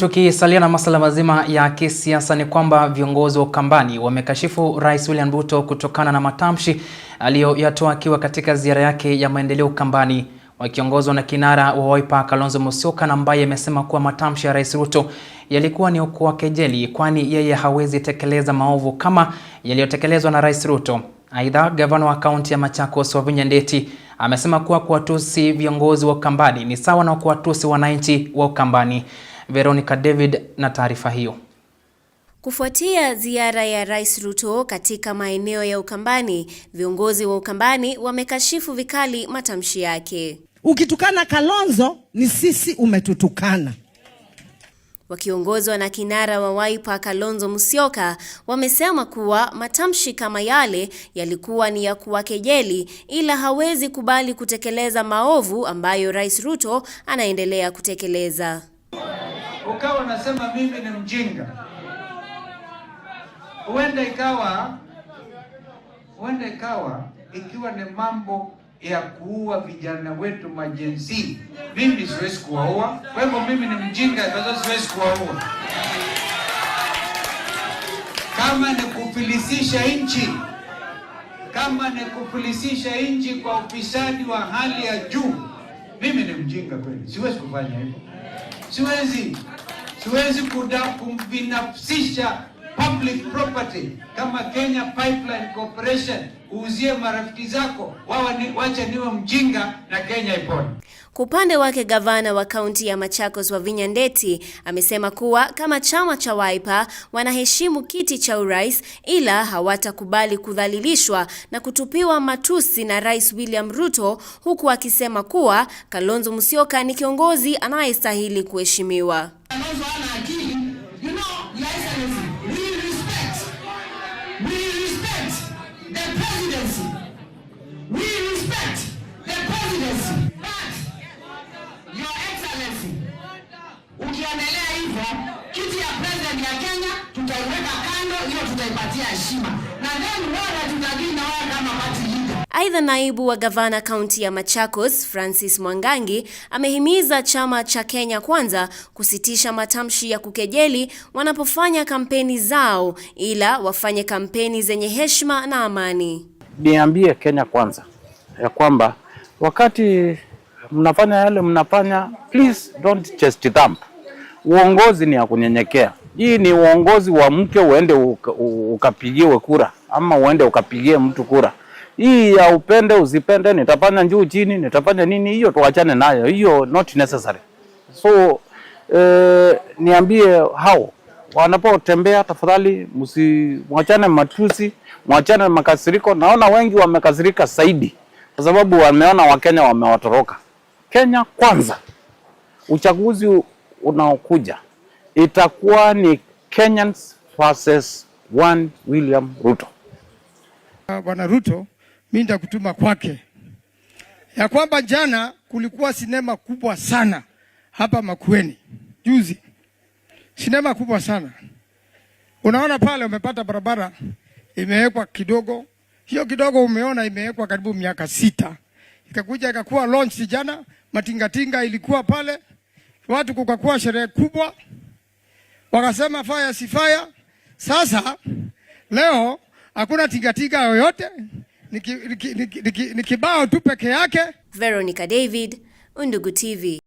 Tukisalia na masuala mazima ya kisiasa ni kwamba viongozi wa Ukambani wamekashifu Rais William Ruto kutokana na matamshi aliyoyatoa akiwa katika ziara yake ya maendeleo Ukambani, wakiongozwa na kinara wa Wiper Kalonzo Musyoka, ambaye amesema kuwa matamshi ya Rais Ruto yalikuwa ni kuwa kejeli, kwani yeye hawezi tekeleza maovu kama yaliyotekelezwa na Rais Ruto. Aidha, gavana wa kaunti ya Machakos Wavinya Ndeti amesema kuwa kuwatusi viongozi wa Ukambani ni sawa na kuwatusi wananchi wa Ukambani. Veronica David na taarifa hiyo. Kufuatia ziara ya Rais Ruto katika maeneo ya Ukambani, viongozi wa Ukambani wamekashifu vikali matamshi yake. Ukitukana Kalonzo ni sisi umetutukana. Wakiongozwa na kinara wa Wiper Kalonzo Musyoka, wamesema kuwa matamshi kama yale yalikuwa ni ya kuwakejeli, ila hawezi kubali kutekeleza maovu ambayo Rais Ruto anaendelea kutekeleza ukawa unasema mimi ni mjinga. Huenda ikawa huenda ikawa ikiwa ni mambo ya kuua vijana wetu majenzi, mimi siwezi kuwaua, kwa hivyo mimi ni mjinga, sasa siwezi kuwaua. Kama ni kufilisisha nchi, kama ni kufilisisha nchi kwa ufisadi wa hali ya juu, mimi ni mjinga kweli, siwezi kufanya hivyo. Siwezi siwezi kuda kumbinafsisha public property kama Kenya Pipeline Corporation uuzie marafiki zako wawa ni, wacha niwe mjinga na Kenya ipone. Kwa upande wake gavana wa kaunti ya Machakos Wavinya Ndeti amesema kuwa kama chama cha Wiper wanaheshimu kiti cha urais ila hawatakubali kudhalilishwa na kutupiwa matusi na Rais William Ruto, huku akisema kuwa Kalonzo Musyoka ni kiongozi anayestahili kuheshimiwa. hivyo kiti ya president ya Kenya tutaiweka kando, hiyo tutaipatia heshima na then wala tutagii na wao kama party leader. Aidha, naibu wa gavana kaunti ya Machakos Francis Mwangangi amehimiza chama cha Kenya Kwanza kusitisha matamshi ya kukejeli wanapofanya kampeni zao, ila wafanye kampeni zenye heshima na amani. Niambie Kenya Kwanza ya kwamba wakati mnafanya yale mnafanya, please don't chest them uongozi ni ya kunyenyekea. Hii ni uongozi wa mke uende uka, ukapigiwe kura ama uende ukapigie mtu kura. Hii ya upende usipende, nitafanya juu chini, nitafanya nini, hiyo tuachane nayo, hiyo not necessary. So eh, niambie hao wanapotembea, tafadhali msimwachane matusi, mwachane makasiriko. Naona wengi wamekasirika zaidi kwa sababu wameona Wakenya wamewatoroka. Kenya kwanza, uchaguzi unaokuja itakuwa ni Kenyans versus one William Ruto. Ah, Bwana Ruto, mimi nitakutuma kwake ya kwamba jana kulikuwa sinema kubwa sana hapa Makueni juzi, sinema kubwa sana unaona pale, umepata barabara imewekwa kidogo, hiyo kidogo umeona imewekwa karibu miaka sita, ikakuja ikakuwa launch jana, matingatinga ilikuwa pale watu kukakuwa sherehe kubwa, wakasema fire si fire. Sasa leo hakuna tingatinga yoyote, ni kibao tu peke yake. Veronica David, Undugu TV.